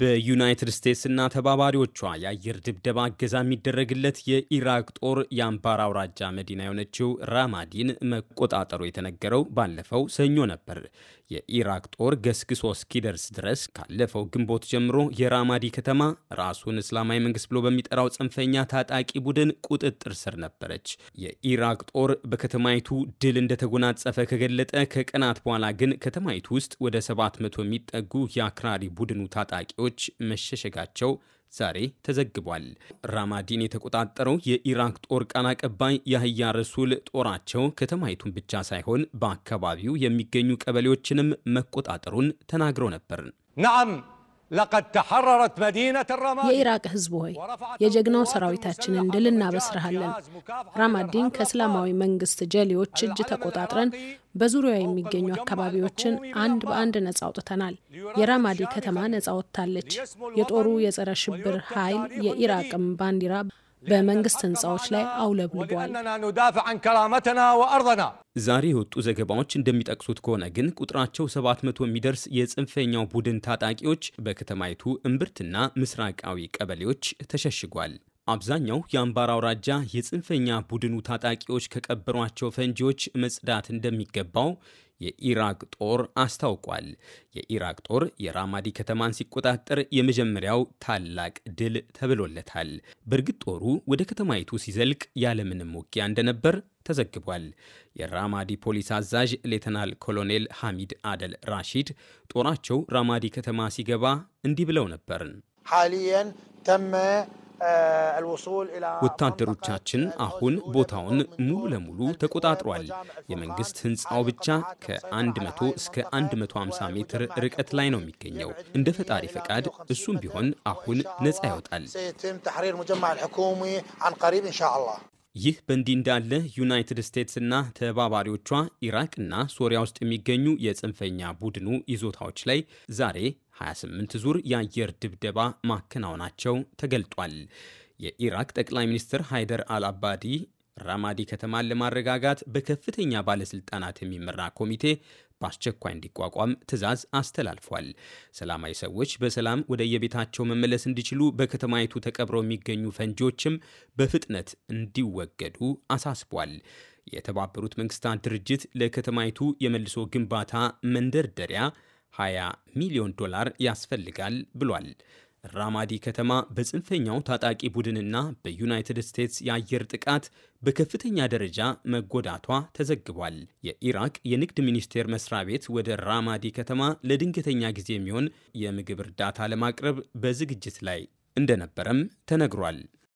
በዩናይትድ እና ተባባሪዎቿ የአየር ድብደባ እገዛ የሚደረግለት የኢራቅ ጦር የአንባር አውራጃ መዲና የሆነችው ራማዲን መቆጣጠሩ የተነገረው ባለፈው ሰኞ ነበር። የኢራቅ ጦር ገስግሶ እስኪደርስ ድረስ ካለፈው ግንቦት ጀምሮ የራማዲ ከተማ ራሱን እስላማዊ መንግስት ብሎ በሚጠራው ጽንፈኛ ታጣቂ ቡድን ቁጥጥር ስር ነበረች። የኢራቅ ጦር በከተማይቱ ድል እንደተጎናጸፈ ከገለጠ ከቀናት በኋላ ግን ከተማይቱ ውስጥ ወደ 700 የሚጠጉ የአክራሪ ቡድኑ ታጣቂ አማጺዎች መሸሸጋቸው ዛሬ ተዘግቧል። ራማዲን የተቆጣጠረው የኢራቅ ጦር ቃል አቀባይ ያህያ ረሱል ጦራቸው ከተማይቱን ብቻ ሳይሆን በአካባቢው የሚገኙ ቀበሌዎችንም መቆጣጠሩን ተናግረው ነበር። ናአም ለቀድ የኢራቅ ሕዝብ ሆይ የጀግናው ሰራዊታችንን ድል እናበስርሃለን። ራማዲን ከእስላማዊ መንግስት ጀሌዎች እጅ ተቆጣጥረን በዙሪያው የሚገኙ አካባቢዎችን አንድ በአንድ ነጻ አውጥተናል። የራማዲ ከተማ ነጻ ወጥታለች። የጦሩ የጸረ ሽብር ኃይል የኢራቅም ባንዲራ በመንግስት ህንፃዎች ላይ አውለብልቧል። ዛሬ የወጡ ዘገባዎች እንደሚጠቅሱት ከሆነ ግን ቁጥራቸው 700 የሚደርስ የጽንፈኛው ቡድን ታጣቂዎች በከተማይቱ እምብርትና ምስራቃዊ ቀበሌዎች ተሸሽጓል። አብዛኛው የአምባራ አውራጃ የጽንፈኛ ቡድኑ ታጣቂዎች ከቀበሯቸው ፈንጂዎች መጽዳት እንደሚገባው የኢራቅ ጦር አስታውቋል። የኢራቅ ጦር የራማዲ ከተማን ሲቆጣጠር የመጀመሪያው ታላቅ ድል ተብሎለታል። በእርግጥ ጦሩ ወደ ከተማይቱ ሲዘልቅ ያለምንም ውጊያ እንደነበር ተዘግቧል። የራማዲ ፖሊስ አዛዥ ሌተናል ኮሎኔል ሐሚድ አደል ራሺድ ጦራቸው ራማዲ ከተማ ሲገባ እንዲህ ብለው ነበርን ሐሊየን ተመ ወታደሮቻችን አሁን ቦታውን ሙሉ ለሙሉ ተቆጣጥሯል። የመንግስት ህንፃው ብቻ ከ100 እስከ 150 ሜትር ርቀት ላይ ነው የሚገኘው። እንደ ፈጣሪ ፈቃድ እሱም ቢሆን አሁን ነፃ ያወጣል። ይህ በእንዲህ እንዳለ ዩናይትድ ስቴትስ እና ተባባሪዎቿ ኢራቅና ሶሪያ ውስጥ የሚገኙ የጽንፈኛ ቡድኑ ይዞታዎች ላይ ዛሬ 28 ዙር የአየር ድብደባ ማከናወናቸው ተገልጧል። የኢራቅ ጠቅላይ ሚኒስትር ሃይደር አልአባዲ ራማዲ ከተማን ለማረጋጋት በከፍተኛ ባለስልጣናት የሚመራ ኮሚቴ በአስቸኳይ እንዲቋቋም ትዕዛዝ አስተላልፏል። ሰላማዊ ሰዎች በሰላም ወደ የቤታቸው መመለስ እንዲችሉ በከተማይቱ ተቀብረው የሚገኙ ፈንጂዎችም በፍጥነት እንዲወገዱ አሳስቧል። የተባበሩት መንግስታት ድርጅት ለከተማይቱ የመልሶ ግንባታ መንደርደሪያ 20 ሚሊዮን ዶላር ያስፈልጋል ብሏል። ራማዲ ከተማ በጽንፈኛው ታጣቂ ቡድንና በዩናይትድ ስቴትስ የአየር ጥቃት በከፍተኛ ደረጃ መጎዳቷ ተዘግቧል። የኢራቅ የንግድ ሚኒስቴር መስሪያ ቤት ወደ ራማዲ ከተማ ለድንገተኛ ጊዜ የሚሆን የምግብ እርዳታ ለማቅረብ በዝግጅት ላይ እንደነበረም ተነግሯል።